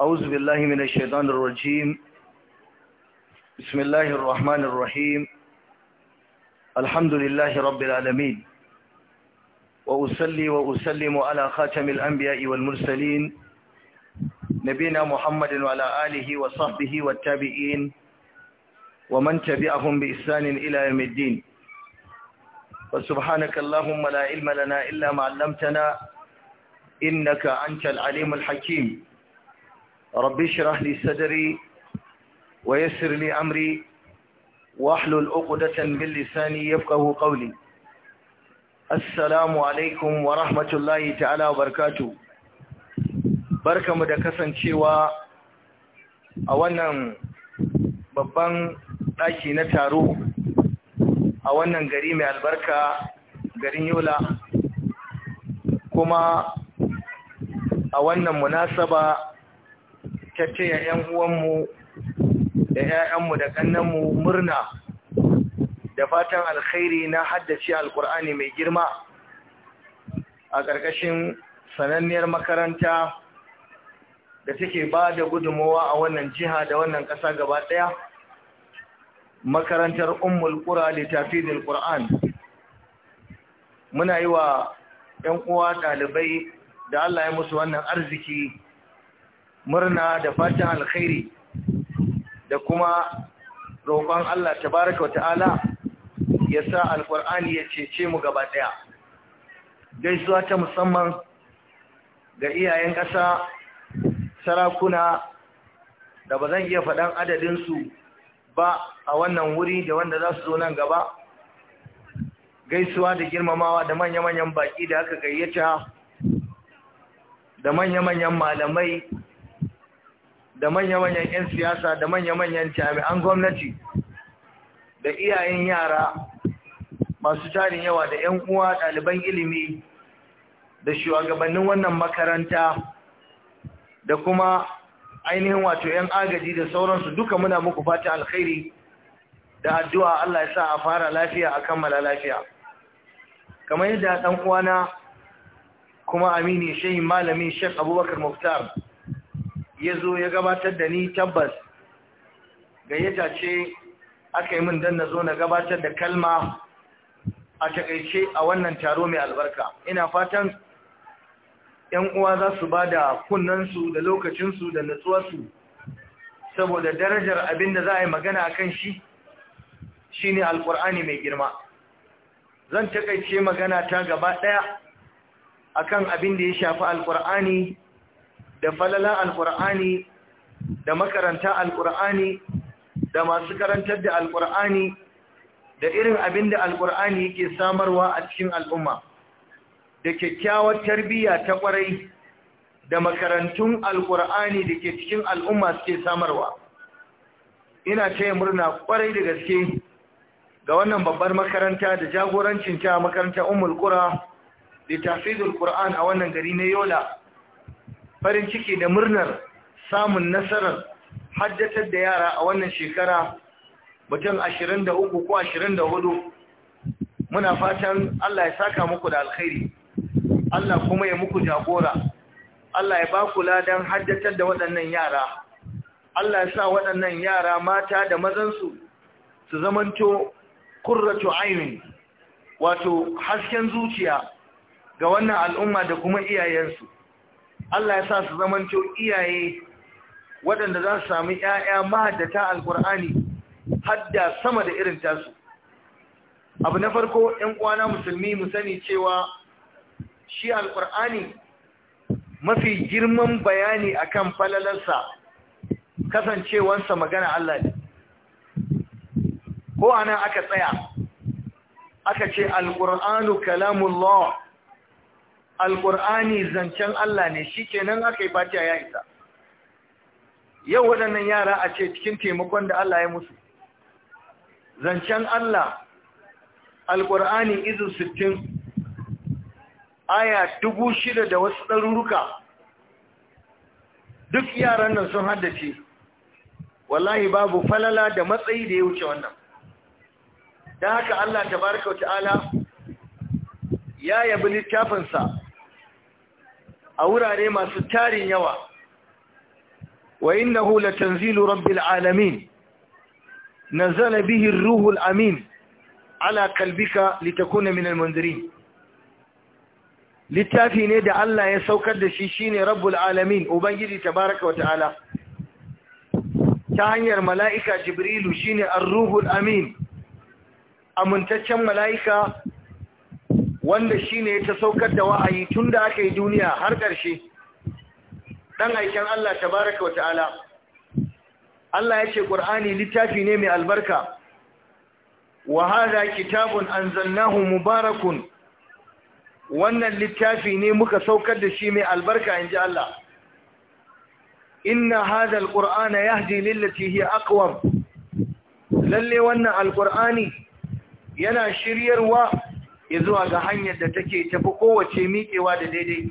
أعوذ بالله من الشيطان الرجيم بسم الله الرحمن الرحيم الحمد لله رب العالمين وأسلي وأسلم على خاتم الأنبياء والمرسلين نبينا محمد وعلى آله وصحبه والتابعين ومن تبعهم بإحسان إلى يوم الدين وسبحانك اللهم لا علم لنا إلا ما علمتنا إنك أنت العليم الحكيم ربي اشرح لي صدري ويسر لي امري واحلل عقدة من لساني يفقهوا قولي السلام عليكم ورحمة الله تعالى وبركاته barkamu da kasancewa a wannan babban ɗaki na taro a wannan gari mai albarka garin yola kuma a wannan munasaba ta taya 'yan uwanmu da 'ya'yanmu da kannanmu murna da fatan alkhairi na haddace alkur'ani mai girma a ƙarƙashin sananniyar makaranta da take ba da gudunmowa a wannan jiha da wannan ƙasa gaba ɗaya makarantar ummul ƙura littafidin ƙura'an muna yi wa 'yan uwa ɗalibai da Allah ya musu wannan arziki murna da fatan alkhairi da kuma roƙon Allah tabaraka wata'ala ya sa alƙur'ani ya cece mu gaba ɗaya gaisuwa ta musamman ga iyayen ƙasa sarakuna da ba zan iya faɗan adadinsu ba a wannan wuri da wanda za su zo nan gaba gaisuwa da girmamawa da manya-manyan baƙi da aka gayyata da manya-manyan malamai da manya-manyan 'yan siyasa da manya-manyan jami'an gwamnati da iyayen yara masu tarin yawa da 'yan uwa ɗaliban ilimi da shugabannin wannan makaranta da kuma ainihin wato 'yan agaji da sauransu duka muna muku fata alkhairi da addu'a Allah ya sa a fara lafiya a kammala lafiya kamar yadda ɗan uwana kuma amini shehin malamin shek abubakar muftar ya zo ya gabatar da ni tabbas gayyata ce aka yi min don na zo na gabatar da kalma a takaice a wannan taro mai albarka ina fatan ‘yan uwa za su ba da kunnansu da lokacinsu da natsuwarsu saboda darajar abin da za a yi magana a kan shi shi ne alkur'ani mai girma zan takaice magana ta gaba ɗaya a kan abin da ya shafi alkur'ani da falala alkur'ani da makaranta alkur'ani da masu karantar da alƙur'ani da irin abin da alkur'ani yake samarwa a cikin al'umma da kyakkyawar tarbiyya ta kwarai da makarantun alƙur'ani da ke cikin al'umma suke samarwa ina taya murna kwarai da gaske ga wannan babbar makaranta da jagorancin ta makaranta umul kura da tafizul ƙur'an a wannan gari na yola farin ciki da murnar samun nasarar haddatar da yara a wannan shekara mutum uku ko hudu. muna fatan Allah ya saka muku da alkhairi Allah kuma ya muku jagora Allah ya ba kula ladan haddatar da waɗannan yara Allah ya sa waɗannan yara mata da mazansu su zamanto kurratu ainin wato hasken zuciya ga wannan al'umma da kuma iyayensu Allah ya sa su zamanto iyaye waɗanda za su sami ‘ya'ya mahaddata alƙur'ani hadda sama da irin tasu. Abu na farko ‘yan kwana musulmi mu sani cewa shi Alkur'ani, mafi girman bayani akan falalarsa kasancewansa magana Allah ne. Ko ana aka tsaya, aka ce alƙur'anu kalamullah alƙur'ani zancen Allah ne shi kenan aka yi fatiha ya isa yau waɗannan yara a ce cikin taimakon da Allah ya musu zancen Allah alƙur'ani izin sittin aya dubu shida da wasu ɗaruruka duk yaran nan sun haddace wallahi babu falala da matsayi da ya wuce wannan da haka Allah ta wa ta'ala ya yabi littafinsa a wurare masu tarin yawa wa innahu latanzilu rabbil alamin nazala bihi ruhul amin ala kalbika litakuna min al littafi ne da Allah ya saukar da shi shine rabbul alamin ubangiji tabaraka wa ta'ala ta hanyar mala'ika jibrilu shine ar-ruhul amin amintaccen mala'ika wanda shine ta saukar da wa'ayi tun da aka yi duniya har ƙarshe dan aikin Allah tabaraka wa ta'ala Allah ya ce Qur'ani littafi ne mai albarka wa kitabun kitabun anzalnahu mubarakun wannan littafi ne muka saukar da shi mai albarka inji Allah inna hada ya yahdi lillati hiya aqwam lalle wannan alqur'ani yana shiryarwa zuwa ga hanyar da take tafi kowace miƙewa da daidai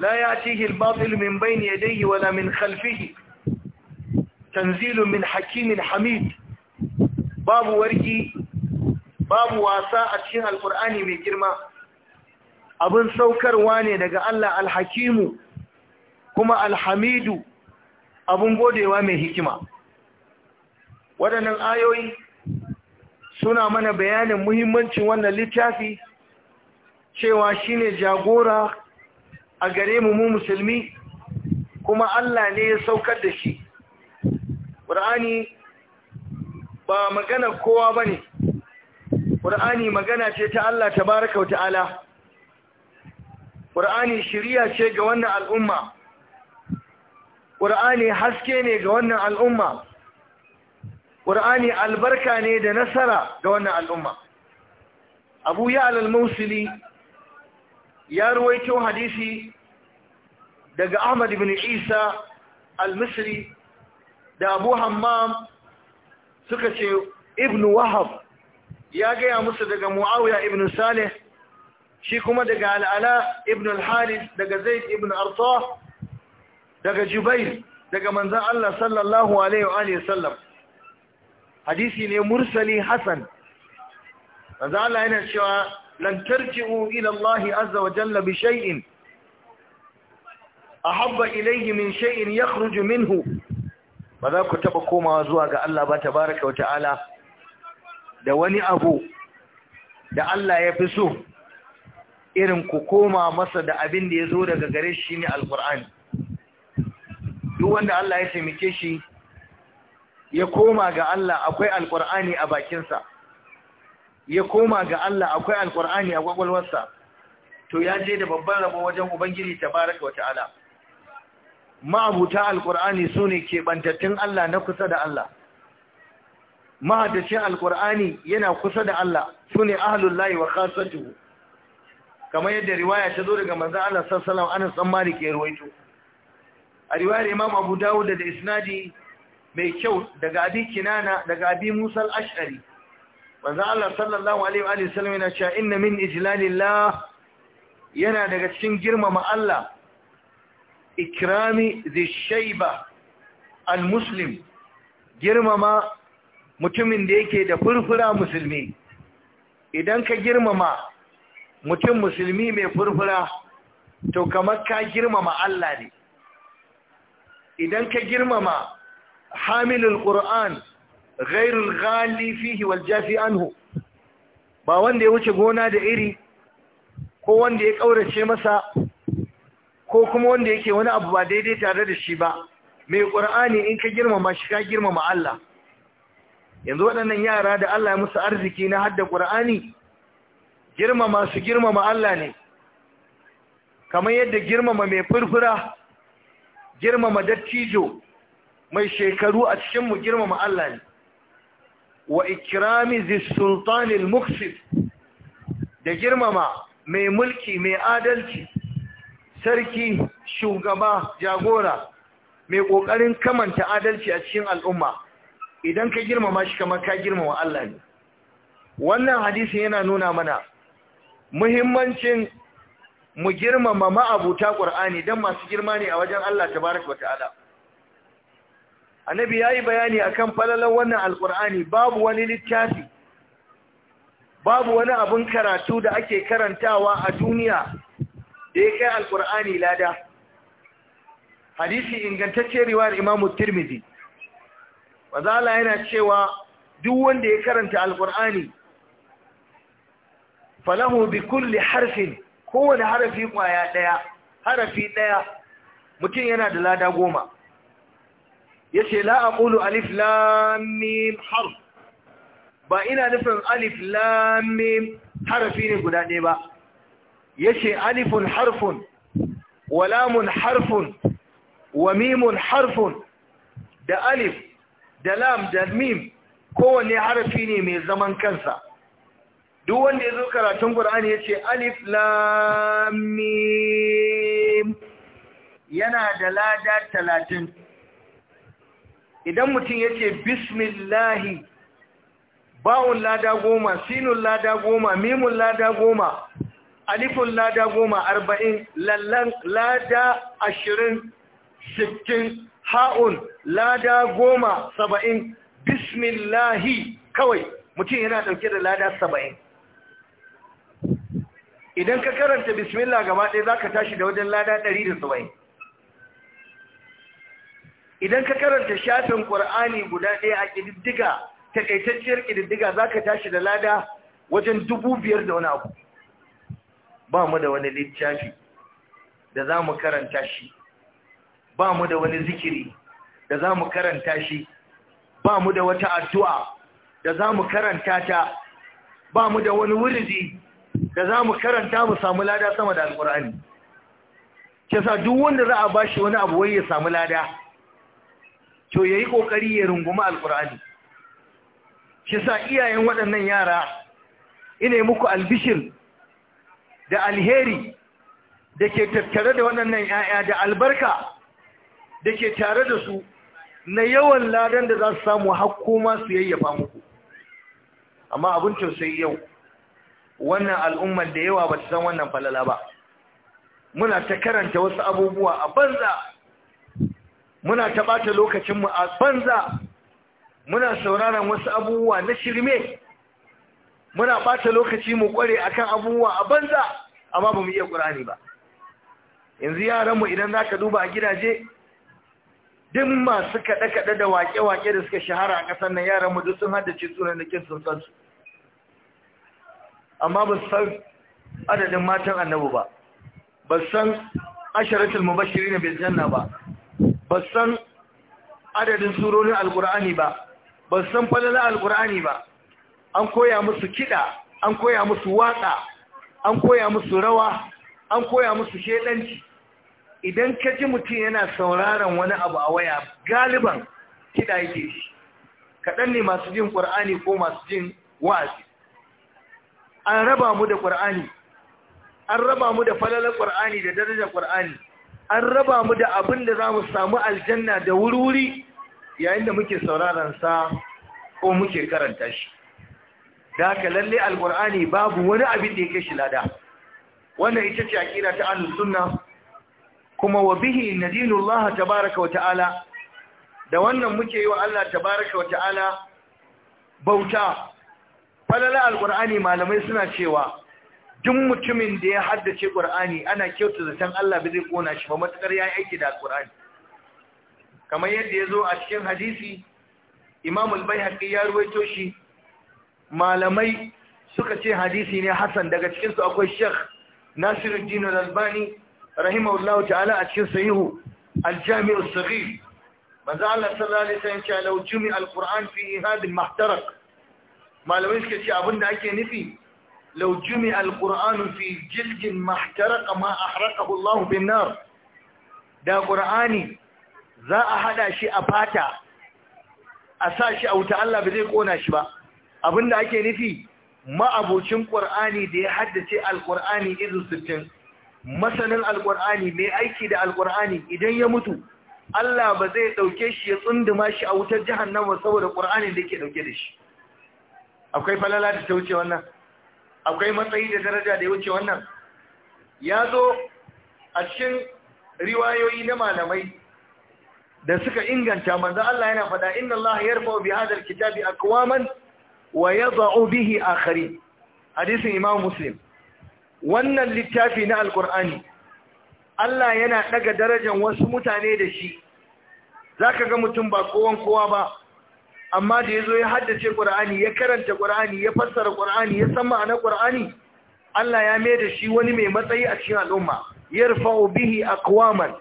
la yatihi al-batil min bayni yadayhi wala min khalfihi tanzilu min hakimin hamid babu warki babu wasa a cikin Alƙur'ani mai girma abin saukarwa ne daga Allah alhakimu kuma alhamidu abin godewa mai hikima waɗannan ayoyi suna mana bayanin muhimmancin wannan littafi cewa shine jagora a gare mu mu musulmi kuma Allah ne ya saukar da shi Qur'ani ba magana kowa bane Qur'ani magana ce ta Allah Ta tabaaraka ta'ala Qur'ani shiriya ce ga wannan al'umma Qur'ani haske ne ga wannan al'umma ƙur'ani albarka ne da nasara ga wannan al'umma abu ya al ya ruwaito hadisi daga ahmad ibn isa al-misri da abu hammam suka ce ibn wahab ya gaya musu daga muawiya ibn salih shi kuma daga al'ala ibn al-haris daga zaid ibn arta daga jubair daga manzan allah sallallahu alaihi wa sallam hadisi ne mursali hasan manzo Allah yana cewa lan tarji'u ila Allah azza wa jalla bi shay'in ahabba ilayhi min shay'in yakhruju minhu ba za ku taba komawa zuwa ga Allah ba tabaraka wa ta'ala da wani abu da Allah ya fi so irin ku koma masa da abin da ya zo daga gare shi ne alkur'ani duk wanda Allah ya taimake shi ya koma ga Allah akwai alƙur'ani a bakinsa ya koma ga Allah akwai alƙur'ani a gwagwalwarsa to ya je da babban rabo wajen ubangiji tabaraka wa ta'ala ma'abuta alƙur'ani su ne keɓantattun Allah na kusa da Allah mahaddacin alƙur'ani yana kusa da Allah su ne ahalullahi wa khasatuhu kamar yadda riwaya ta zo daga manzan Allah sallallahu alaihi wasallam anas dan malik ya ruwaito a riwayar imam abu dawud da isnadi mai kyau daga abi kinana daga abi musa al'ashari wanzan Allah sallallahu Alaihi wasallam yana cewa inna min ijlalillah yana daga cikin girmama Allah ikrami Shaiba al-muslim girmama mutumin da yake da furfura musulmi idan ka girmama mutum musulmi mai furfura to kamar ka girmama Allah ne idan ka girmama hamilul qur'an ghairul ghali fihi wal anhu ba wanda ya wuce gona da iri ko wanda ya kaurace masa ko kuma wanda yake wani abu ba daidai tare da shi ba mai qur'ani in ka girmama shi ka girmama Allah yanzu waɗannan yara da Allah ya musu arziki na hadda qur'ani girmama su girmama Allah ne kamar yadda girmama mai furfura girmama dattijo mai shekaru a cikin mu girmama Allah ne wa ikrami zis-sultanil muksif da girmama mai mulki mai adalci sarki shugaba jagora mai ƙoƙarin kamanta adalci a cikin al'umma idan ka girmama shi kamar ka girmama Allah ne wannan hadisin yana nuna mana muhimmancin mu girmama ma'abuta ƙur'ani don masu girma ne a wajen Allah tabaraka wa ta'ala annabi ya yi bayani akan falalar wannan Alƙur'ani. babu wani littafi babu wani abin karatu da ake karantawa a duniya da ya kai Alƙur'ani lada hadisi ingantacce riwayar imamu tirmidhi wazala yana cewa duk wanda ya karanta Alƙur'ani, falahu bi kulli harfin kowane harafi kwaya ɗaya, harafi ɗaya. mutum yana da lada goma yace la aqulu alif lam mim harf ba ina nufin alif lam mim harfi ne guda ɗaya ba yace alifun harfun wa harfun wa harfun da alif da lam da mim kowanne harfi ne mai zaman kansa duk wanda ya zo karatun Qur'ani yace alif lam mim yana da lada talatin idan mutum ya ce bismillahi ba'un lada goma sinun lada goma mimun lada goma alifun lada goma arba'in lallan lada ashirin sittin ha'un lada goma saba'in bismillahi kawai mutum yana ɗauke da lada saba'in idan ka karanta bismillah gaba ɗaya za ka tashi da wajen lada ɗari da saba'in idan ka karanta shafin ƙur'ani guda ɗaya a ƙididdiga ƙaitacciyar ƙididdiga za ka tashi da lada wajen dubu biyar da wani abu ba mu da wani littafi da za mu karanta shi ba mu da wani zikiri da za mu karanta shi ba mu da wata addu'a da za mu karanta ta ba mu da wani wuridi da za mu karanta mu samu lada sama da alƙur'ani ke sa duk wanda za a ba shi wani abu wai ya samu lada to ya yi kokari ya rungumi alqur'ani shi sa iyayen waɗannan yara ina muku albishir da alheri da ke tattare da waɗannan ‘ya'ya da albarka da ke tare da su na yawan ladan da za su samu hakko masu yayyafa muku amma abin tausayi yau wannan al'ummar da yawa ba ta san wannan falala ba muna ta karanta wasu abubuwa a banza muna ta lokacinmu a banza muna sauraron wasu abubuwa na shirme muna ɓata lokaci mu kware akan abubuwa a banza amma ba mu iya ƙurani ba yanzu yaranmu idan za ka duba a gidaje din masu kaɗe-kaɗe da waƙe-waƙe da suka shahara a ƙasar nan yaranmu duk sun haddace sunan da kin sun su amma ba su san adadin matan annabu ba ba su san asharatul mubashiri na janna ba ba san adadin surorin alkur'ani ba ba san falala alkur'ani ba an koya musu kiɗa an koya musu waƙa an koya musu rawa an koya musu shedanci idan ka ji mutum yana sauraron wani abu a waya galiban kiɗa yake shi kaɗan ne masu jin ƙur'ani ko masu jin wa'azi an raba mu da ƙur'ani an raba mu da falalar ƙur'ani da darajar ƙur'ani an raba mu da abin da za mu samu aljanna da wuri-wuri yayin da muke sauraransa ko muke karanta shi da haka lalle alkur'ani babu wani abin da yake shi lada wannan ita ce akida ta ahlus sunna kuma wa bihi nadinullah tabaaraka wa ta'ala da wannan muke yi wa Allah tabaaraka wa ta'ala bauta falala alkur'ani malamai suna cewa duk mutumin da ya haddace ƙur'ani ana kyautu zaton Allah bai zai kona shi ba matakar ya aiki da Qur'ani kamar yadda ya zo a cikin hadisi Imam al-Baihaqi ya ruwaito shi malamai suka ce hadisi ne Hassan daga cikinsu su akwai Sheikh Nasiruddin al-Albani rahimahullahu ta'ala a cikin sahihu al-Jami' as-Saghir manzo Allah sallallahu alaihi wasallam ya ce law jumi'a al-Qur'an fi hadhihi al mahtarak malamai suka ce abinda ake nufi لو جمع القرآن في جلد ما احترق ما أحرقه الله بالنار da ƙur'ani za a haɗa shi a fata a sa shi a wuta Allah ba zai ƙona shi ba abinda ake nufi ma'abucin ƙur'ani da ya haddace alƙur'ani izu sittin masanin alƙur'ani mai aiki da alƙur'ani idan ya mutu Allah ba zai ɗauke shi ya tsunduma shi a wutar jahannama saboda ƙur'anin da ke ɗauke da shi akwai falala da ta wuce wannan akwai matsayi da daraja da ya wuce wannan ya zo a cikin riwayoyi na malamai da suka inganta manzo Allah yana faɗa inna Allah yarfa'u bi hadha alkitabi aqwaman wa yad'u bihi akhari hadisin Imam Muslim wannan littafi na alkur'ani Allah yana daga darajar wasu mutane da shi zaka ga mutum ba kowan kowa ba amma da ya zo ya haddace ƙur'ani ya karanta ƙur'ani ya fassara ƙur'ani ya san ma'ana ƙur'ani Allah ya mai da shi wani mai matsayi a cikin al'umma yarfa'u bihi aqwaman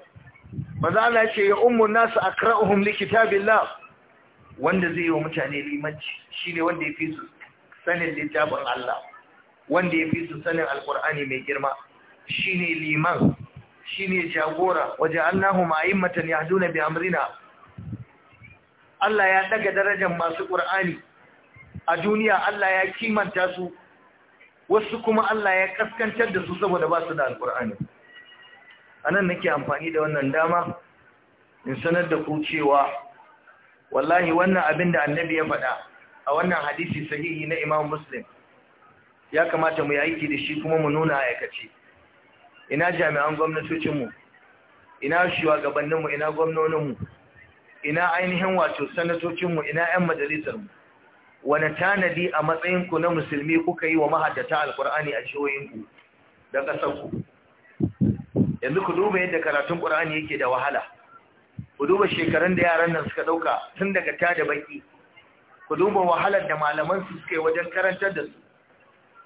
maza Allah ya ce ya ummu nasu akra'uhum li kitabillah wanda zai yi wa mutane limanci shine wanda ya fi su sanin littafin Allah wanda ya fi su sanin alƙur'ani mai girma shine liman shine jagora waje Allahu ma'immatan yahduna bi amrina Allah ya daga darajar masu ƙur'ani a duniya Allah ya kimanta su wasu kuma Allah ya kaskantar da su saboda ba su da alƙur'ani A anan nake amfani da wannan dama in sanar da ku cewa wallahi wannan abin da annabi ya faɗa a wannan hadisi sahihi na Imam Muslim ya kamata mu yi da shi kuma mu nuna aikace ina jami'an gwamnatocinmu ina shugabanninmu ina gwamnoninmu ina ainihin wato sanatocinmu ina 'yan majalisarmu wani tanadi a matsayinku na musulmi kuka yi wa mahaddata alkur'ani a shiyoyinku da ƙasarku yanzu ku duba yadda karatun ƙur'ani yake da wahala ku duba shekarun da yaran nan suka ɗauka tun daga ta da baki ku duba wahalar da malaman su suka yi wajen karantar da su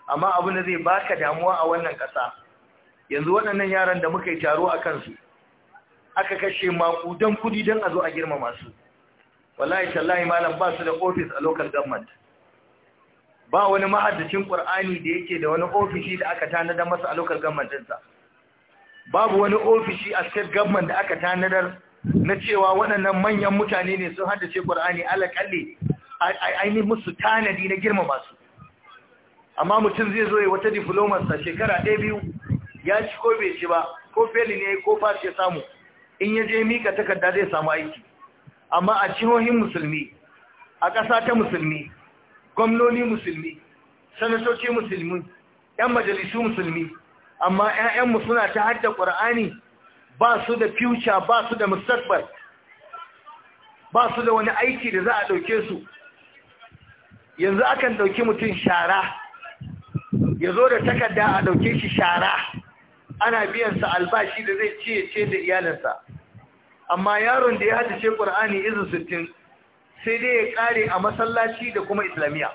amma abin da zai baka damuwa a wannan ƙasa yanzu waɗannan yaran da muka yi taro a kansu aka kashe makudan kudi don a zo a girmama su wallahi tallahi malam ba su da ofis a local government ba wani ma'adacin ƙur'ani da yake da wani ofishi da aka tanadar masa a local government babu wani ofishi a state government da aka tanadar na cewa waɗannan manyan mutane ne sun haddace ƙwar'ani alaƙalli ainihin musu tanadi na girmama su amma mutum zai zo ya wata diplomarsa shekara ɗaya biyu ya ci ko bai ci ba ko feli ne ko fas ya samu in ya je mika takarda zai samu aiki amma a cihohin musulmi a ƙasa ta musulmi gwamnoni musulmi sanatoci musulmi 'yan majalisu musulmi amma 'ya'yanmu suna ta hadda ƙur'ani ba su da future ba su da mustaqbal ba su da wani aiki da za a ɗauke su yanzu akan ɗauki mutum shara ya zo da takarda a ɗauke shi shara ana biyansa albashi da zai ciye ce da iyalinsa amma yaron da ya haddace ƙur'ani izu sittin, sai dai ya kare a masallaci da kuma islamiyya.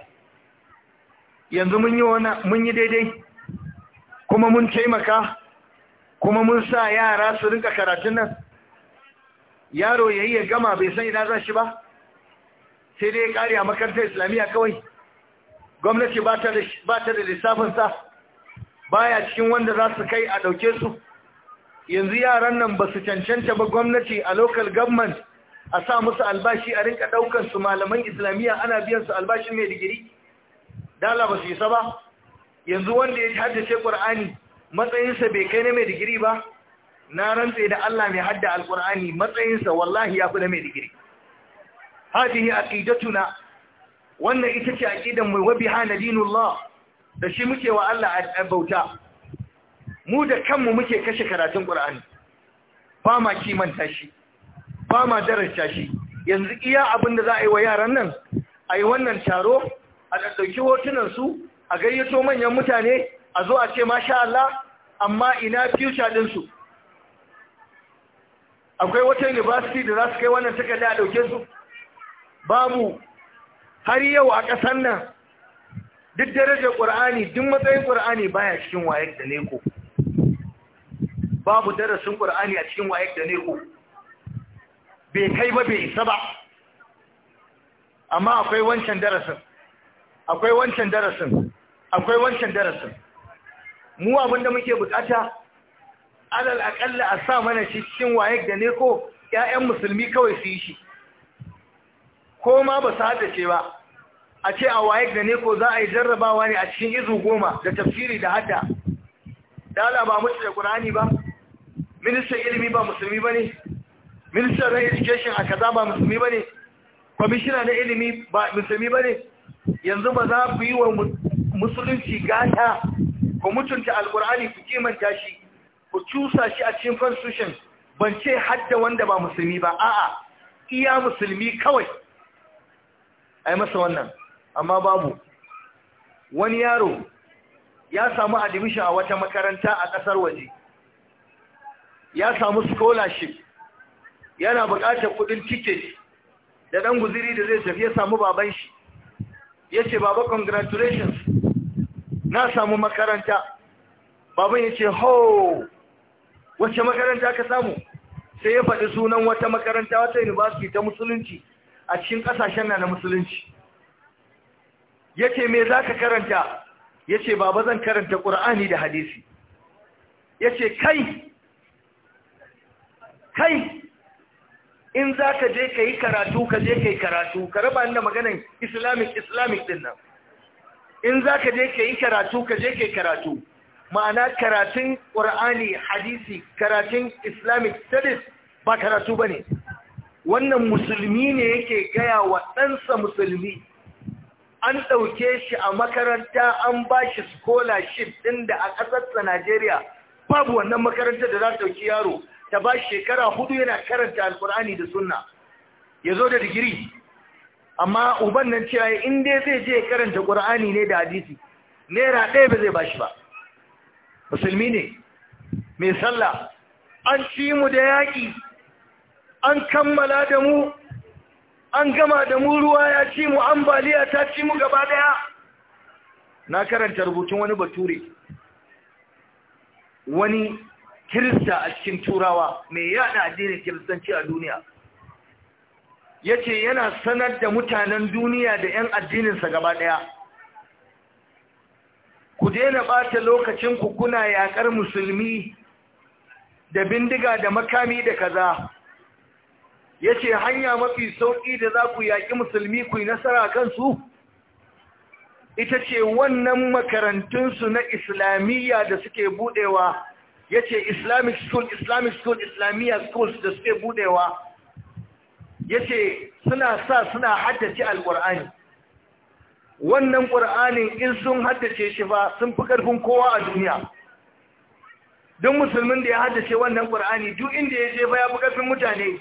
yanzu mun yi daidai kuma mun taimaka kuma mun sa yara su rinka karatun nan yaro ya yi ya gama bai san ina za shi ba sai dai ya kare a makarantar islamiyya kawai gwamnati ba ta da lissafinsa Ba ya cikin wanda za su kai a ɗauke su yanzu yaran nan ba su cancanta ba gwamnati a local government a sa musu albashi a rinka ɗaukar su malaman islamiyya ana biyan su albashin mai digiri dala ba su yi ba yanzu wanda ya haddace qur'ani matsayinsa bai kai na mai digiri ba na rantse da Allah mai hadda alqur'ani matsayinsa wallahi yafi na mai digiri hadihi aqidatuna wannan ita ce aqidan mu wa biha nadinullah da shi muke wa Allah bauta mu da kanmu muke kashe karatun ƙur'ani ba ma kimanta shi ba ma shi yanzu iya abin da za a yi wa yaran nan a yi wannan taro a hotunan su, a gayyato manyan mutane a zo a ce masha Allah amma ina future ɗinsu akwai wata university da za su kai wannan takarda a ɗauke su babu har yau a ƙasar nan duk darajar ƙur'ani duk matsayin ƙur'ani baya cikin wayar da leko babu darasin ƙur'ani a cikin wayek da ku bai kai ba bai isa ba amma akwai wancan darasin akwai wancan darasin akwai wancan darasin mu abinda muke bukata alal akalla a sa mana shi cikin wayek da ko ƴaƴan musulmi kawai su yi shi ko ma ba su haddace ba a ce a wayek da ko za a yi jarrabawa ne a cikin izu goma da tafsiri da hadda dala ba mutu da ƙur'ani ba ministan ilimi ba musulmi ba ne ministan na education a kaza ba musulmi ba ne kwamishina na ilimi ba musulmi ba ne yanzu ba za ku yi wa musulunci gata ku mutunta alkur'ani ku kimanta shi ku cusa shi a cikin constitution ban ce hadda wanda ba musulmi ba a'a iya musulmi kawai a yi masa wannan amma babu wani yaro ya samu admission a wata makaranta a ƙasar waje ya samu scholarship yana buƙatar kuɗin ticket da ɗan guziri da zai tafi ya samu baban shi ya ce baba congratulations na samu makaranta baban ya ho wacce makaranta ka samu sai ya faɗi sunan wata makaranta wata university ta musulunci a cikin ƙasashen na na musulunci yace ce me za karanta yace baba zan karanta ƙur'ani da hadisi yace kai kai in za ka je ka yi karatu ka je ka yi karatu ka raba da maganin islamic islamic din nan in za ka je ka yi karatu ka je ka yi karatu ma'ana karatun ƙur'ani hadisi karatun islamic studies ba karatu ba ne wannan musulmi ne yake gaya wa ɗansa musulmi an ɗauke shi a makaranta an ba shi scholarship ɗin da a ƙasarsa najeriya babu wannan makarantar da za ta ɗauki yaro ta ba shekara hudu yana karanta alkur'ani da sunna ya zo da digiri amma uban nan cewa in dai zai je karanta ƙur'ani ne da hadisi naira ɗaya ba zai ba shi ba musulmi ne mai sallah an ci mu da yaƙi an kammala da mu an gama da mu ruwa ya ci mu ambaliya ta ci mu gaba ɗaya. na karanta rubutun wani bature wani kirista a cikin turawa mai yada addinin kiristanci a duniya ya ce yana sanar da mutanen duniya da 'yan addininsa gaba ɗaya ku daina ɓata lokacinku kuna yaƙar musulmi da bindiga da makami da kaza ya ce hanya mafi sauƙi da za ku yaƙi musulmi ku yi nasara kansu ita ce wannan makarantunsu na islamiyya da suke buɗewa ya ce islamic school islamic school islamiyya schools da suke budewa ya ce suna sa suna haddace alƙur'ani wannan ƙur'anin in sun haddace shi ba sun fi ƙarfin kowa a duniya don musulmin da ya haddace wannan ƙur'ani duk inda ya je ba ya fi karfin mutane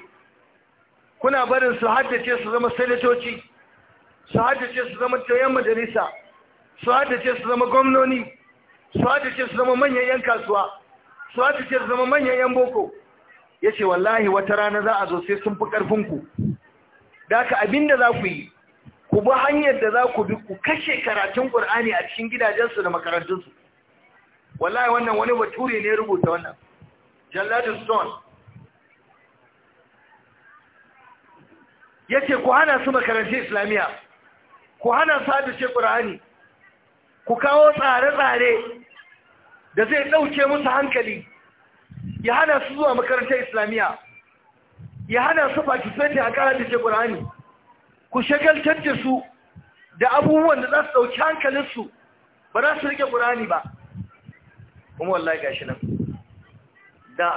kuna barin su haddace su zama sanatoci su haddace su zama tayan majalisa su haddace su zama gwamnoni su haddace su zama manyan 'yan kasuwa su ta ce zama manyan yan boko ya ce wallahi wata rana za a zo sai sun fi ƙarfinku da abin abinda za ku yi ku bi hanyar da za ku bi ku kashe karatun ƙur'ani a cikin gidajensu da makarantunsu wallahi wannan wani bature ne rubuta wannan jalladin stone ya ce ku hana su makarantun islamiyya ku hana su ce ƙur'ani ku kawo tsare-tsare da zai ɗauke musu hankali ya hana su zuwa makarantar islamiyya ya hana su participate a da ƙur'ani ku shagaltar da su da abubuwan da za su ɗauki hankalinsu ba za su rike ƙur'ani ba kuma wallahi gashi nan da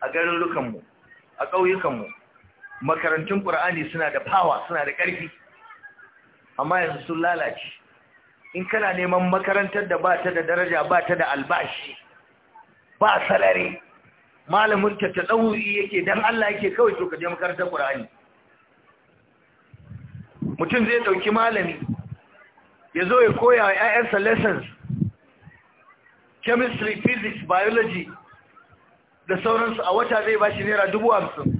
a rukanmu a ƙauyukanmu makarantun ƙur'ani suna da fawa suna da ƙarfi amma yanzu sun lalace in kana neman makarantar da ba ta da daraja ba ta da albashi ba salari malamin ta ta ɗauri yake don Allah yake kawai to ka je makarantar Qur'ani mutum zai ɗauki malami ya zo ya koya wa 'ya'yansa lessons chemistry physics biology da sauransu a wata zai ba shi naira dubu hamsin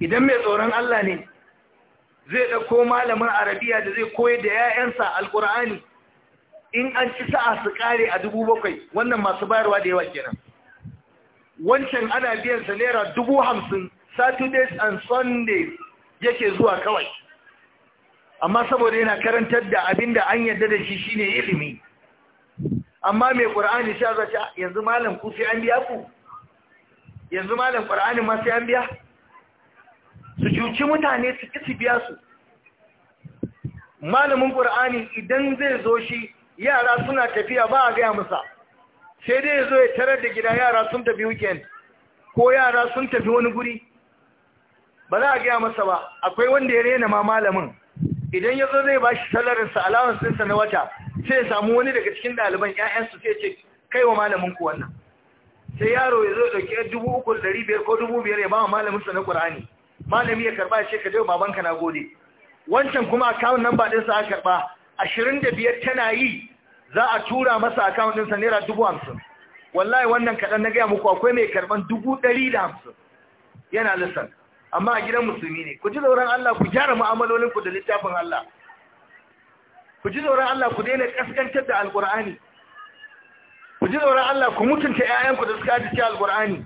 idan mai tsoron Allah ne zai ɗauko malamin arabiya da zai koyi da 'ya'yansa alƙur'ani in an ci sa'a su kare a dubu bakwai wannan masu bayarwa da yawa kenan wancan ana biyansa naira dubu hamsin saturdays and sundays yake zuwa kawai amma saboda yana karantar da abin da an yarda da shi shine ilimi amma mai ƙur'ani sha zace ah, yanzu malam ku sai an biya ku yanzu malam ƙur'ani ma sai an biya su cuci mutane su ci biya su malamin ƙur'ani idan zai zo shi yara suna tafiya ba a gaya musa sai dai zo ya tarar da gida yara sun tafi weekend ko yara sun tafi wani guri ba za a gaya masa ba akwai wanda ya rena ma malamin idan ya zo zai ba shi salarinsa allowance na wata sai ya samu wani daga cikin ɗaliban 'ya'yansu sai ce kai wa malamin ku wannan sai yaro ya zo ya ɗauki dubu uku da ɗari biyar ko dubu biyar ya ba wa malaminsa na ƙur'ani malami ya karba ya ce ka dai babanka na gode wancan kuma account number din sa aka karba 25 tana yi za a tura masa account din sa naira 50 wallahi wannan kadan na ga muku akwai mai karban 150 yana lissan amma a gidan musulmi ne ku ji zauran Allah ku gyara mu'amalolin ku da littafin Allah ku ji zauran Allah ku daina kaskantar da alqur'ani ku ji zauran Allah ku mutunta ƴaƴanku da suka ji alqur'ani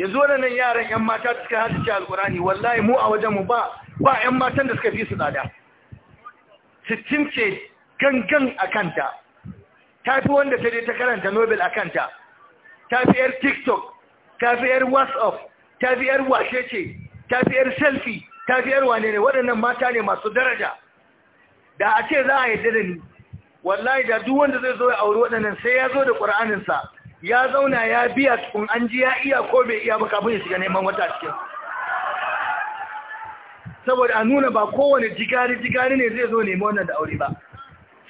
yanzu waɗannan yaran 'yan mata da suka hajjice alkurani wallahi mu a wajenmu ba ba 'yan matan da suka fi su tsada sittin ce gangan a kanta ta fi wanda ta je ta karanta nobel a kanta ta fi 'yar tiktok ta fi 'yar whatsapp ta fi 'yar ce, ta fi 'yar selfie ta fi 'yar wane ne waɗannan mata ne masu daraja da a ce za a yadda da ni wallahi da duk wanda zai zo ya auri waɗannan sai ya zo da ƙura'aninsa ya zauna ya biya tukun an ji ya iya ko bai iya ba kafin shiga neman wata cikin saboda a nuna ba kowane jigari-jigari ne zai zo nemi wannan da aure ba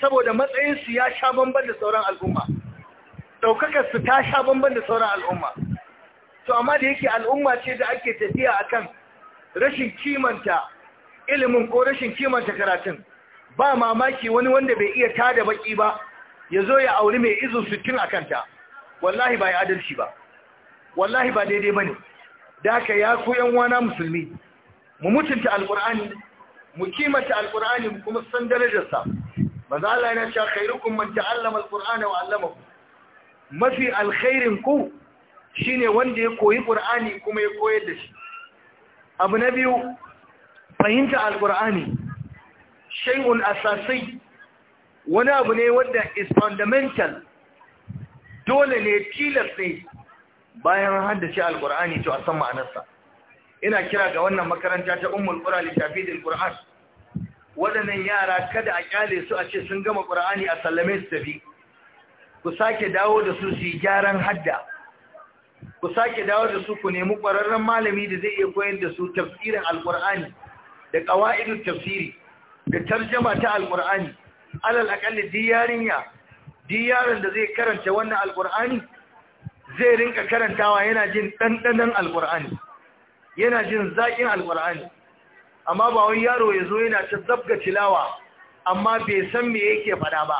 saboda matsayinsu ya sha bamban da sauran al'umma su ta sha bamban da sauran al'umma to amma da yake al'umma ce da ake tafiya akan rashin kimanta ilimin ko rashin kimanta karatun ba mamaki wani wanda bai iya tada baki ba ya zo ya auri mai izu sittin a kanta wallahi ba ya adalci ba wallahi ba daidai ne. da aka ya ku yan wana musulmi mu mutunta alqur'ani mu kimanta alqur'ani mu kuma san darajarsa manzo Allah yana cewa khairukum man ta'allama alqur'ana wa 'allamahu mafi alkhairin ku shine wanda ya koyi qur'ani kuma ya koyar da shi abu na biyu fahimta alkur'ani shay'un asasi wani abu ne wanda is fundamental dole ne tilasta ne bayan haddace alkur'ani to a san ma'anarsa ina kira ga wannan makaranta ta ummul qura li da Alƙur'an. waɗannan yara kada a kyale su a ce sun gama qur'ani a sallame su tafi ku sake dawo da su su gyaran hadda ku sake dawo da su ku nemi ƙwararren malami da zai iya koyar da su tafsirin Alƙur'ani da ƙawa'idun tafsiri da tarjama ta alkur'ani alal aƙalli duk yarinya duk yaron da zai karanta wannan alkur'ani zai rinka karantawa yana jin ɗanɗanon alkur'ani yana jin zaƙin alkur'ani amma ba wani yaro ya zo yana ta zabga tilawa amma bai san me yake faɗa ba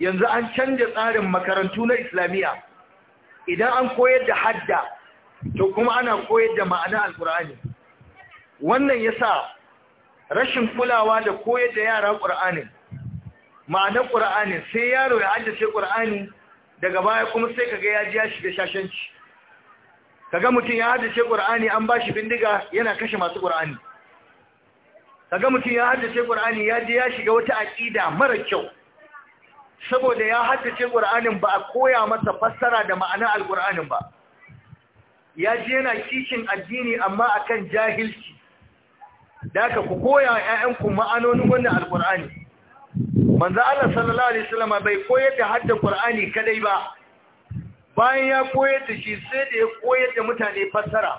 yanzu an canja tsarin makarantu na islamiyya idan an koyar da hadda to kuma ana koyar da ma'ana alkur'ani wannan ya sa rashin kulawa da koyar da yara ƙur'anin ma'anar ƙura'ani sai yaro ya haddace ƙura'ani daga baya kuma sai kaga ya ji ya shiga shashanci kaga mutum ya haddace ƙura'ani an ba shi bindiga yana kashe masu ƙur'ani kaga mutum ya haddace ƙura'ani ya ji ya shiga wata aƙida mara kyau saboda ya haddace ƙura'anin ba a koya masa fassara da ma'anar alƙura'anin ba ya ji yana kishin addini amma akan jahilci da ku koya 'ya'yanku ma'anonin wannan alƙur'ani manzo Allah sallallahu alaihi wasallam bai koyar da hadda Qur'ani kadai ba bayan ya koyar da shi sai da ya koyar da mutane fassara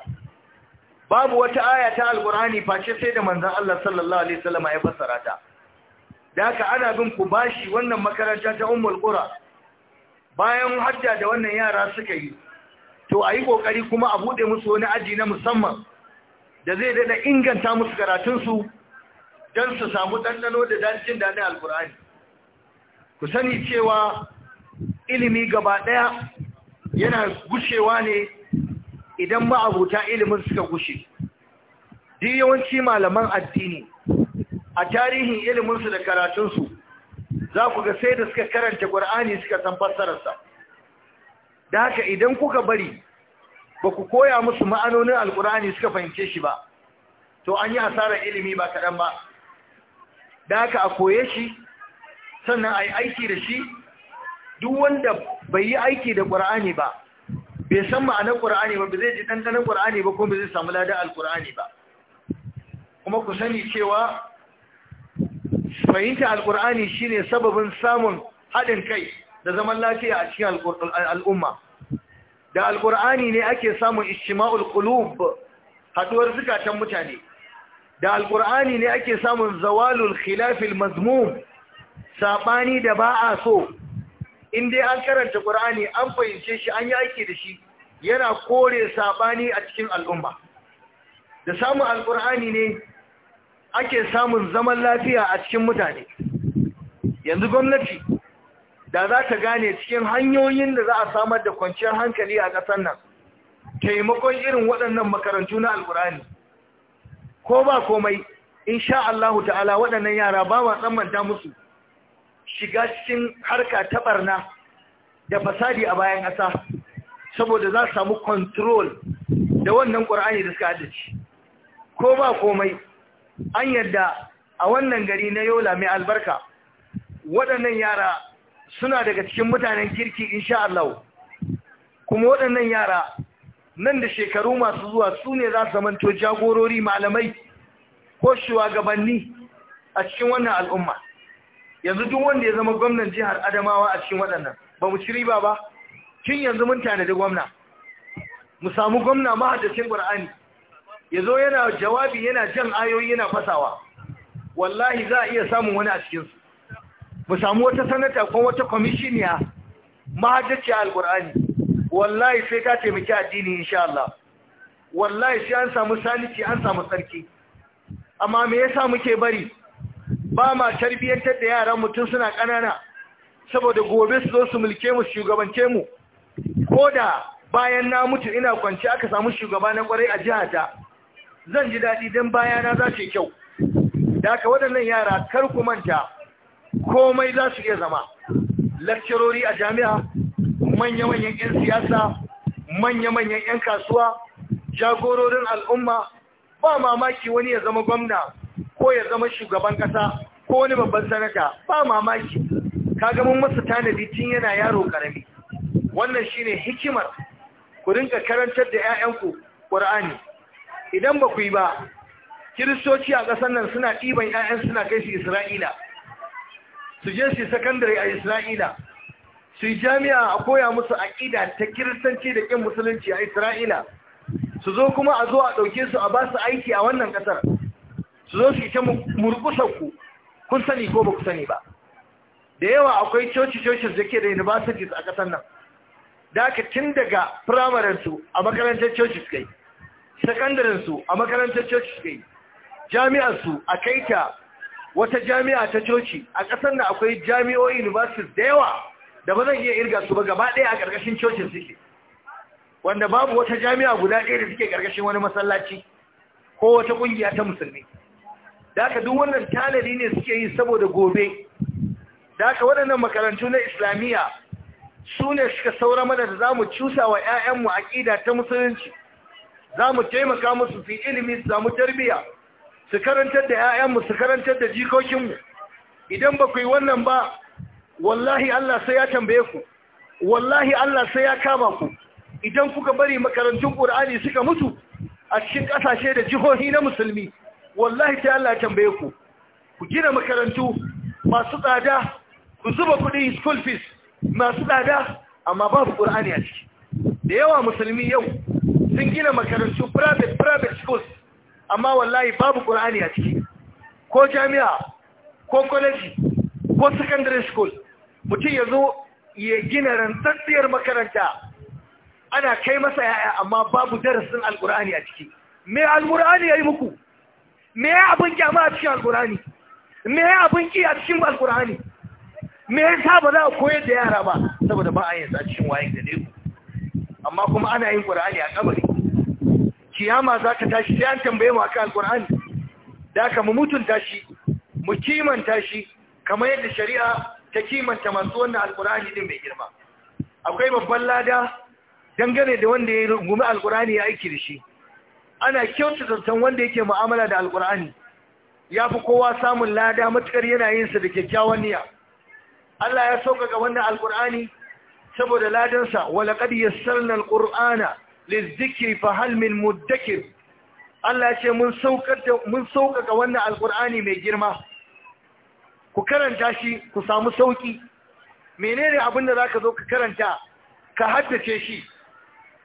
babu wata aya ta alqur'ani face sai da manzo Allah sallallahu alaihi wasallam ya fassara ta da haka ana bin ku bashi wannan makaranta ta Ummul Qura bayan hajja da wannan yara suka yi to ayi kokari kuma a bude musu wani aji na musamman da zai dada inganta musu karatun su don su samu ɗanɗano da dancin da na alkur'ani ku sani cewa ilimi gaba ɗaya yana gushewa ne idan ma'abuta ilimin suka gushe di yawanci malaman addini a tarihin iliminsu da karatunsu za ku ga sai da suka karanta ƙwar'ani suka san fassararsa da haka idan kuka bari ba ku koya musu ma'anonin alƙur'ani suka fahimce shi ba to an yi asarar ilimi ba kaɗan ba da haka a koye shi sannan a yi aiki da shi duk wanda bai yi aiki da ƙur'ani ba bai san ma'anar ƙur'ani ba bai zai ji ɗanɗanar ƙur'ani ba ko bai zai samu ladar alƙur'ani ba kuma ku sani cewa fahimta alƙur'ani shine sababin samun haɗin kai da zaman lafiya a cikin al'umma da alƙur'ani ne ake samun ishima'ul qulub haɗuwar zukatan mutane da alƙur'ani ne ake samun zawalul khilafil mazmum saɓani da ba a so in dai an karanta ƙur'ani an fahimce shi an yi aiki da shi yana kore saɓani a cikin al'umma da samun alƙur'ani ne ake samun zaman lafiya a cikin mutane yanzu gwamnati da za ta gane cikin hanyoyin da za a samar da kwanciyar hankali a ƙasar nan taimakon irin waɗannan makarantu na alƙur'ani ko ba komai insha Allah ta'ala waɗannan yara ba ma tsammanta musu shiga cikin harka ta barna da fasadi a bayan ƙasa saboda za su samu control da wannan ƙur'ani da suka adace, ko ba komai an yadda a wannan gari na yola mai albarka waɗannan yara suna daga cikin mutanen kirki insha Allah kuma waɗannan yara nan da shekaru masu zuwa su ne za su zamanto jagorori malamai ko shugabanni a cikin wannan al'umma yanzu duk wanda ya zama gwamnan jihar Adamawa a cikin waɗannan ba mu ci riba ba kin yanzu mun tanadi gwamna mu samu gwamna cikin Qur'ani yazo yana jawabi yana jan ayoyi yana fasawa wallahi za a iya samun wani a cikin su mu samu wata sanata ko wata kwamishiniya mahaddaci alkur'ani wallahi sai ta taimaki addini insha Allah wallahi sai an samu saniki an samu sarki amma me yasa muke bari ba ma tarbiyyantar da yaran mutum suna ƙanana saboda gobe su zo su mulke mu shugabance mu ko da bayan na mutu ina kwanci aka samu shugaba na kwarai a jihata zan ji daɗi don bayana za su yi kyau da aka waɗannan yara kar ku manta komai za su iya zama lakcirori a jami'a manya-manyan 'yan siyasa manya-manyan 'yan kasuwa jagororin al'umma ba mamaki wani ya zama gwamna ko ya zama shugaban ƙasa ko wani babban sanata, ba mamaki kaga mun masa tanadi tun yana yaro karami wannan shine hikimar ku rinka karantar da 'ya'yanku Qur'ani idan ba ku yi ba kiristoci a ƙasar nan suna ɗiban 'ya'yan suna kai su Isra'ila su je su sakandare a Isra'ila su yi jami'a a koya musu aƙida ta kiristanci da ƙin musulunci a Isra'ila su zo kuma a zo a ɗauke su a ba su aiki a wannan ƙasar su zo su ita murkusar ku kun sani ko ba ku sani ba da yawa akwai coci-cocin da ke da universities a ƙasar nan da aka tun daga firamarinsu a makarantar coci suka yi sakandarinsu a makarantar coci suka yi jami'arsu a kai ta wata jami'a ta coci a ƙasar nan akwai jami'o'i universities da yawa da ba zan iya irga su ba gaba ɗaya a ƙarƙashin cocin suke wanda babu wata jami'a guda ɗaya da suke ƙarƙashin wani masallaci ko wata ƙungiya ta musulmi Daka duk wannan tanadi ne suke yi saboda gobe Daka waɗannan makarantu na islamiyya su ne suka saura mana da za mu cusa wa 'ya'yanmu ƙida ta musulunci za mu taimaka musu fi ilimi su samu tarbiyya su karantar da 'ya'yanmu su karantar da jikokinmu idan ba ku yi wannan ba wallahi Allah sai ya tambaye ku wallahi Allah sai ya kama ku idan kuka bari makarantun ƙur'ani suka mutu a cikin ƙasashe da jihohi na musulmi wallahi sai Allah ya tambaye ku ku gina makarantu masu tsada ku zuba kuɗi school fees masu tsada amma babu Qur'ani a ciki da yawa musulmi yau sun gina makarantu private private schools amma wallahi babu Qur'ani a ciki ko jami'a ko college ko secondary school mutum ya zo ya gina rantsantsiyar makaranta ana kai masa yaya amma babu darasin alkur'ani a ciki me alkur'ani ya yi muku me ya abin kyama a cikin alkurani me ya abin ki a cikin alkurani me ya sa ba za a koyar da yara ba saboda ba a yin a cikin wayan da ku amma kuma ana yin kur'ani a kabari kiyama za ta tashi sai an tambaye mu akan alkurani da ka mu mutunta shi mu kimanta shi kamar yadda shari'a ta kimanta masu wannan alkurani din mai girma akwai babban lada dangane da wanda ya rungumi alkurani ya aiki da shi ana kyauta zartan wanda yake mu'amala da alkur'ani ya fi kowa samun lada matukar yanayinsa da kyakkyawan niyya Allah ya sauƙaƙa wannan alkur'ani saboda ladansa wala qad yassarna alqur'ana lizikri fa hal muddakir Allah ce mun saukaka mun sauƙaƙa wannan alkur'ani mai girma ku karanta shi ku samu sauki menene abin da zaka zo ka karanta ka haddace shi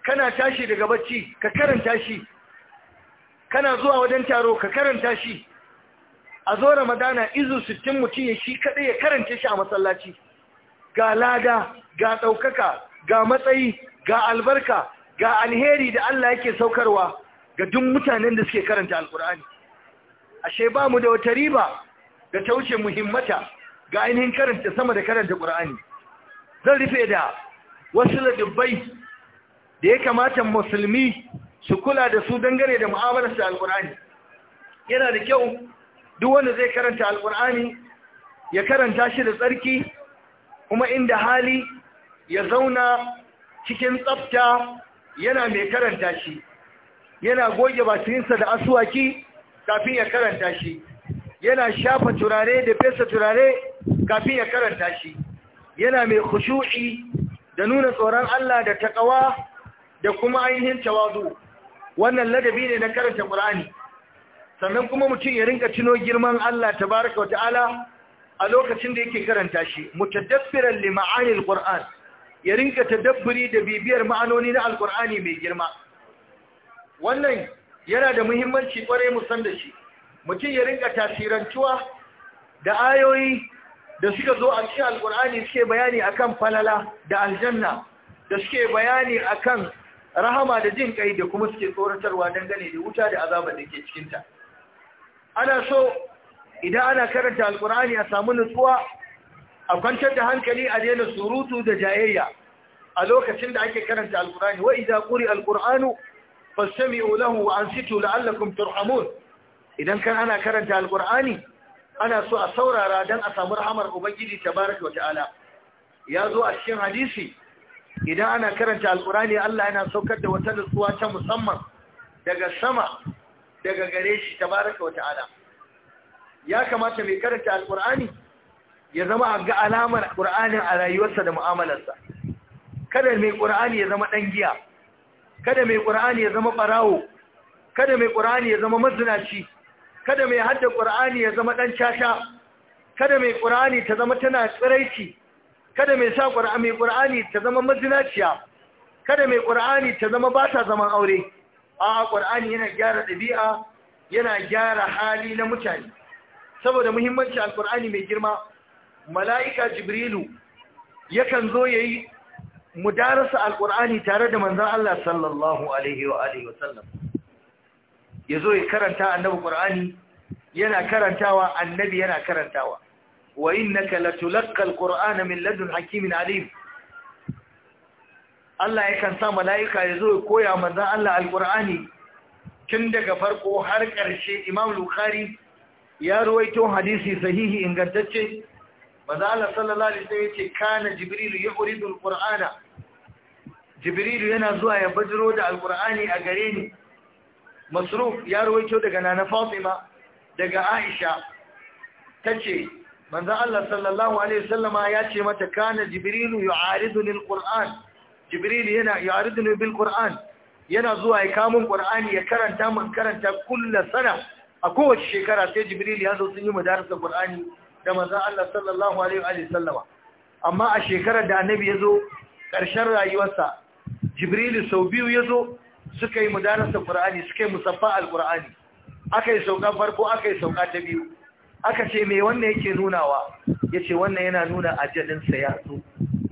kana tashi daga bacci ka karanta shi kana zuwa wajen taro ka karanta shi a zo ramadana izu sittin mutum ya shi kaɗai ya karanta shi a masallaci ga lada ga ɗaukaka ga matsayi ga albarka ga alheri da Allah yake saukarwa ga duk mutanen da suke karanta alkur'ani ashe ba mu da wata riba da ta wuce muhimmata ga ainihin karanta sama da karanta ƙur'ani zan rufe da wasu ladubbai da ya kamata musulmi su kula da su dangane da mu'amalarsu alkur'ani yana da kyau duk wanda zai karanta alkur'ani ya karanta shi da tsarki kuma inda hali ya zauna cikin tsafta yana mai karanta shi yana goge batirinsa da asuwaki kafin ya karanta shi yana shafa turare da fesa turare kafin ya karanta shi yana mai khushu'i da nuna tsoron Allah da taqwa da kuma ainihin tawazu wannan ladabi ne na karanta Qur'ani sannan kuma mutum ya rinka tuno girman Allah tabaraka wata'ala a lokacin da yake karanta shi mutadabbiran li ma'anil Qur'an ya rinka tadabburi da bibiyar ma'anoni na Al-Qur'ani mai girma wannan yana da muhimmanci kwarai san da shi mutum ya rinka tasirantuwa da ayoyi da suka zo a cikin Al-Qur'ani suke bayani akan falala da aljanna da suke bayani akan rahama da jin kai da kuma suke tsoratarwa dangane da wuta da azabar da ke cikinta ana so idan ana karanta alkur'ani a samu nutsuwa a kwantar da hankali a daina surutu da jayayya a lokacin da ake karanta alkur'ani wa idza quri fastami'u lahu wa ansitu la'allakum turhamun idan kan ana karanta alkur'ani ana so a saurara dan a samu rahamar ubangiji tabaaraka wa ta'ala ya zo a cikin hadisi idan ana karanta alkurani Allah yana saukar da wata nutsuwa ta musamman daga sama daga gare shi tabaraka wa ta'ala ya kamata mai karanta alkurani ya zama a ga alamar alkurani a rayuwarsa da mu'amalarsa kada mai ƙur'ani ya zama ɗan giya kada mai ƙur'ani ya zama ɓarawo kada mai ƙur'ani ya zama mazinaci kada mai hadda ƙur'ani ya zama ɗan caca, kada mai ƙur'ani ta zama tana tsiraici kada mai sa mai ƙur'ani ta zama mazinaciya kada mai ƙur'ani ta zama ba ta zaman aure a ƙur'ani yana gyara ɗabi'a yana gyara hali na mutane saboda muhimmanci alƙur'ani mai girma mala'ika jibrilu yakan zo ya yi mudarasa alƙur'ani tare da manzan Allah sallallahu alaihi wa wasallam ya zo ya karanta annabi ƙur'ani yana karantawa annabi yana karantawa وإنك لتلقى القرآن من لدن حكيم عليم Allah yakan sa mala'ika ya zo ya koya manzan Allah al'ur'ani tun daga farko har ƙarshe Imam Bukhari ya ruwaito hadisi sahihi ingantacce, manzan Allah sallallahu Alaihi wasallam ce, Kana Jibrilu ya uridu al'ur'ana, Jibrilu yana zuwa ya bajiro da al'ur'ani a gare ni, Masruf ya ruwaito daga Nana Fatima daga Aisha, ta ce, manzan Allah sallallahu Alaihi wasallama ya ce mata kana jibrilu ya aridunin ƙul'an jibrilu yana ya aridunin bil ƙul'an yana zuwa ya kamun ƙul'ani ya karanta mun karanta kulla sana a kowace shekara sai jibrilu ya zo sun yi madarasa ƙul'ani da manzan Allah sallallahu Alaihi wasallama amma a shekarar da annabi ya zo karshen rayuwarsa jibrilu sau biyu ya zo suka yi madarasa ƙul'ani suka yi musaffa al-ƙul'ani aka yi sauka farko aka yi sauka ta biyu aka ce mai wannan yake nunawa ce wannan yana nuna sa ya zo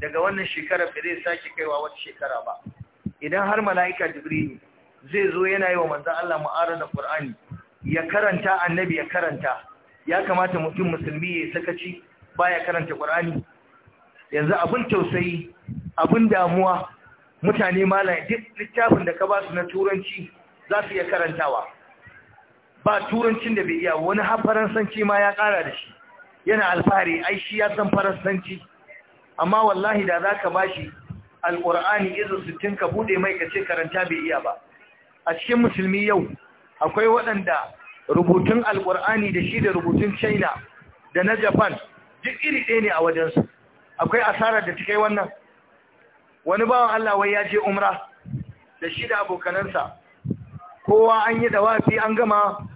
daga wannan shekarar da zai sake kaiwa wata shekara ba idan har mala'ika Jibrini zai zo yana yi wa manzon Allah da Qur'ani ya karanta annabi ya karanta ya kamata mutum musulmi ya sakaci baya karanta Qur'ani yanzu abin tausayi abin damuwa mutane malam duk littafin da ka ba su na turanci za su iya karantawa ba turancin da bai iya wani har faransanci ma ya kara da shi yana alfahari ai shi ya san faransanci amma wallahi da zaka bashi alqur'ani izu sittin ka bude mai kace karanta bai iya ba a cikin musulmi yau akwai waɗanda rubutun alqur'ani da shi da rubutun china da na japan duk iri ɗaya ne a wajensu akwai asara da ta kai wannan wani bawan Allah wai ya je umra da shi da abokanansa kowa an yi dawafi an gama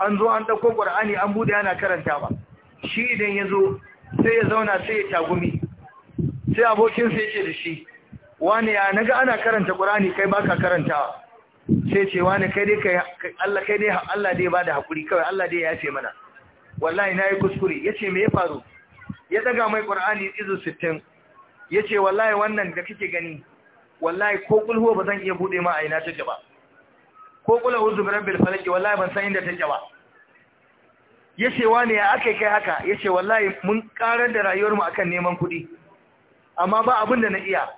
an zo an ɗauko ƙwar'ani an buɗe ana karanta ba shi idan ya zo sai ya zauna sai ya tagumi sai abokin sai ce da shi wani ya naga ana karanta ƙwar'ani kai baka karantawa sai ce wani kai dai kai Allah kai dai Allah dai bada haƙuri kawai Allah dai ya ce mana wallahi na yi kuskure ce me ya faru ya daga mai ƙwar'ani izu Ya ce wallahi wannan da kake gani wallahi ko ƙulhuwa ba zan iya buɗe ma a na ta gaba ko kula wuzu bi rabbil falaki wallahi ban san inda ya ba wa wani ya aka kai haka ya ce wallahi mun karar da rayuwarmu a akan neman kuɗi amma ba abin da na iya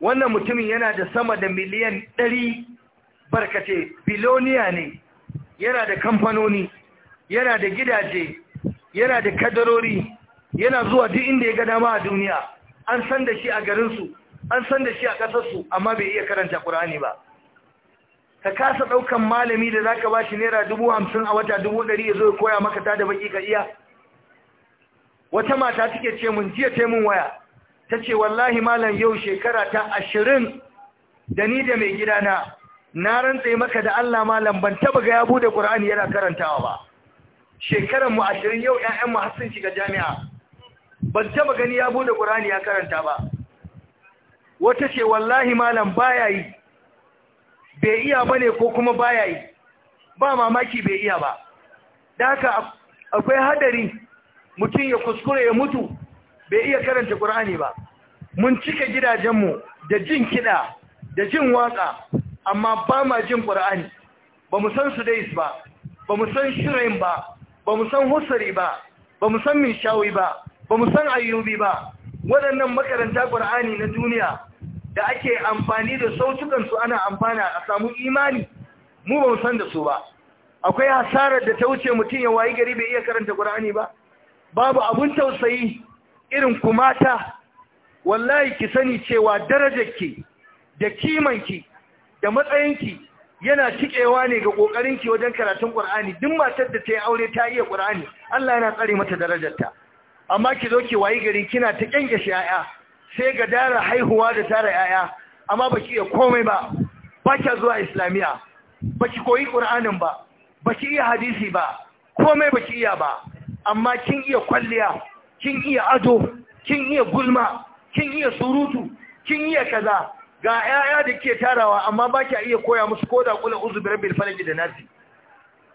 wannan mutumin yana da sama da miliyan ɗari barkace biloniya ne yana da kamfanoni yana da gidaje yana da kadarori yana zuwa duk inda ya ga dama a duniya an san da shi a garinsu an san da shi a ƙasarsu amma bai iya karanta ƙur'ani ba ka kasa ɗaukan malami da za ka ba shi naira dubu hamsin a wata dubu ɗari ya zo koya maka ta da baki ka iya wata mata take ce mun jiya ta mun waya ta ce wallahi malam yau shekara ta ashirin da ni da mai gidana na rantse maka da Allah malam ban taba ga ya bude Qur'ani yana karantawa ba shekaran mu 20 yau ƴaƴan mu har sun shiga jami'a ban taba gani ya bude Qur'ani ya karanta ba wata ce wallahi malam baya yi bai iya ba ne ko kuma baya yi ba mamaki bai iya ba da haka akwai hadari mutum ya kuskure ya mutu bai iya karanta ƙur'ani ba mun cika gidajenmu da jin kiɗa da jin waƙa amma ba ma jin ƙur'ani ba mu san sudais ba ba mu san shirin ba ba mu san husari ba ba mu san minshawi ba ba mu san ayyubi ba waɗannan makaranta ƙur'ani na duniya da ake amfani da sautukansu ana amfana a samu imani mu ba san da su ba akwai hasarar da ta wuce mutum ya wayi gari bai iya karanta Qur'ani ba babu abun tausayi irin kumata wallahi ki sani cewa darajarki da kimanki da matsayinki yana cikewa ne ga ki wajen karatun Qur'ani duk matar da ta yi aure ta iya Qur'ani Allah yana tsare mata darajarta amma ki zo ki wayi gari kina ta shi 'ya'ya. sai ga dara haihuwa da tara yaya amma baki iya komai ba baki zuwa islamiya baki koyi qur'anin ba baki iya hadisi ba komai baki iya ba amma kin iya kwalliya kin iya ado kin iya gulma kin iya surutu kin iya kaza ga yaya da ke tarawa amma baki iya koya musu koda kula uzu bi rabbil da nasi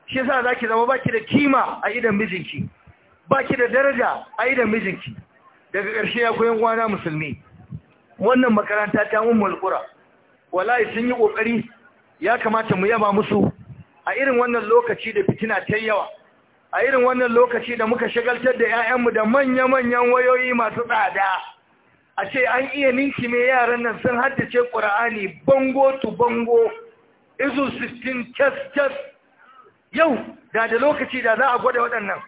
shi yasa zaki zama baki da kima a idan mijinki baki da daraja a idan mijinki daga ƙarshe ya koyan gwana musulmi wannan makaranta ta mun mulkura wallahi sun yi ƙoƙari ya kamata mu yaba musu a irin wannan lokaci da fitina ta yawa a irin wannan lokaci da muka shagaltar da 'ya'yanmu da manya-manyan wayoyi masu tsada a ce an iya ninki mai yaran nan sun haddace qur'ani bango tu bango izu 16 cas-cas yau da da lokaci da za a gwada waɗannan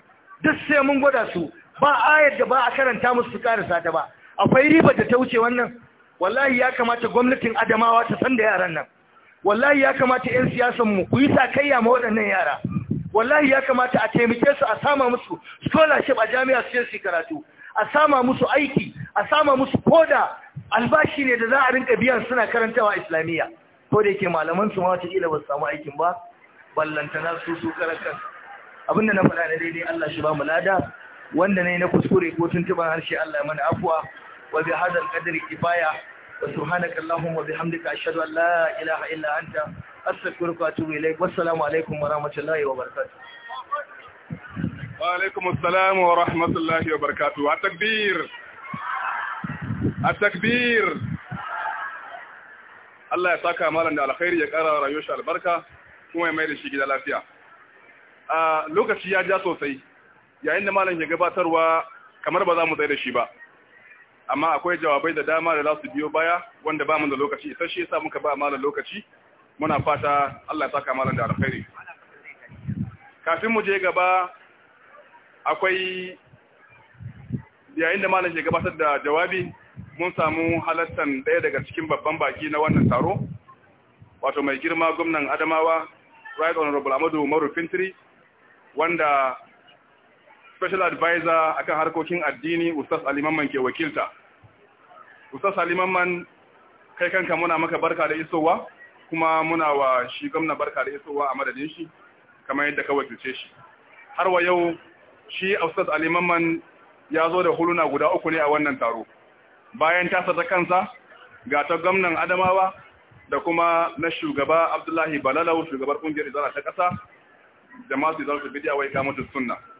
duk sai mun gwada su ba ayar da ba a karanta musu su karasa ta ba akwai ribar da ta wuce wannan wallahi ya kamata gwamnatin adamawa ta san da yaran nan wallahi ya kamata 'yan siyasanmu ku yi sakayya ma waɗannan yara wallahi ya kamata a taimake su a sama musu scholarship a jami'a su yi karatu a sama musu aiki a sama musu koda albashi ne da za a rinka biyan suna karantawa islamiyya ko da yake malaman su ma wataƙila ba su samu aikin ba ballantana su su karan abinda na faɗa da daidai Allah shi ba mu lada wanda ne na kuskure ko tuntuban harshe Allah mana afwa wa bi hadal qadri kifaya wa subhanaka allahumma bihamdika ashhadu an la ilaha illa anta astaghfiruka wa atubu ilaik wassalamu alaikum wa rahmatullahi wa barakatuh wa alaikum assalam wa rahmatullahi wa barakatuh wa takbir at-takbir Allah ya saka malam da alkhairi ya kara rayuwar shi albarka kuma ya mai da shi gida lafiya a lokaci ya ja sosai yayin da malam ya gabatarwa kamar ba za mu tsaye da shi ba amma akwai jawabai da dama da za su biyo baya wanda ba mu da lokaci Ita shi yasa muka ba malam lokaci muna fata Allah ya saka malam da alkhairi kafin mu je gaba akwai yayin da malam ke gabatar da jawabi mun samu halattan ɗaya daga cikin babban baki na wannan taro wato mai girma gwamnan adamawa right honorable amadu umaru fintiri wanda special advisor akan harkokin addini Ustaz Mamman ke wakilta. Ustaz Mamman kai kanka muna maka barka da isowa kuma muna wa shi gwamna barka da isowa a madadin shi kamar yadda ka wakilce shi. Har wa yau shi Ustaz Mamman ya zo da huluna guda uku ne a wannan taro. Bayan tasa ta kansa ga ta gwamnan Adamawa da kuma na shugaba Abdullahi Balalau shugabar kungiyar Izara ta ƙasa da masu izar su bidiya wai sunna.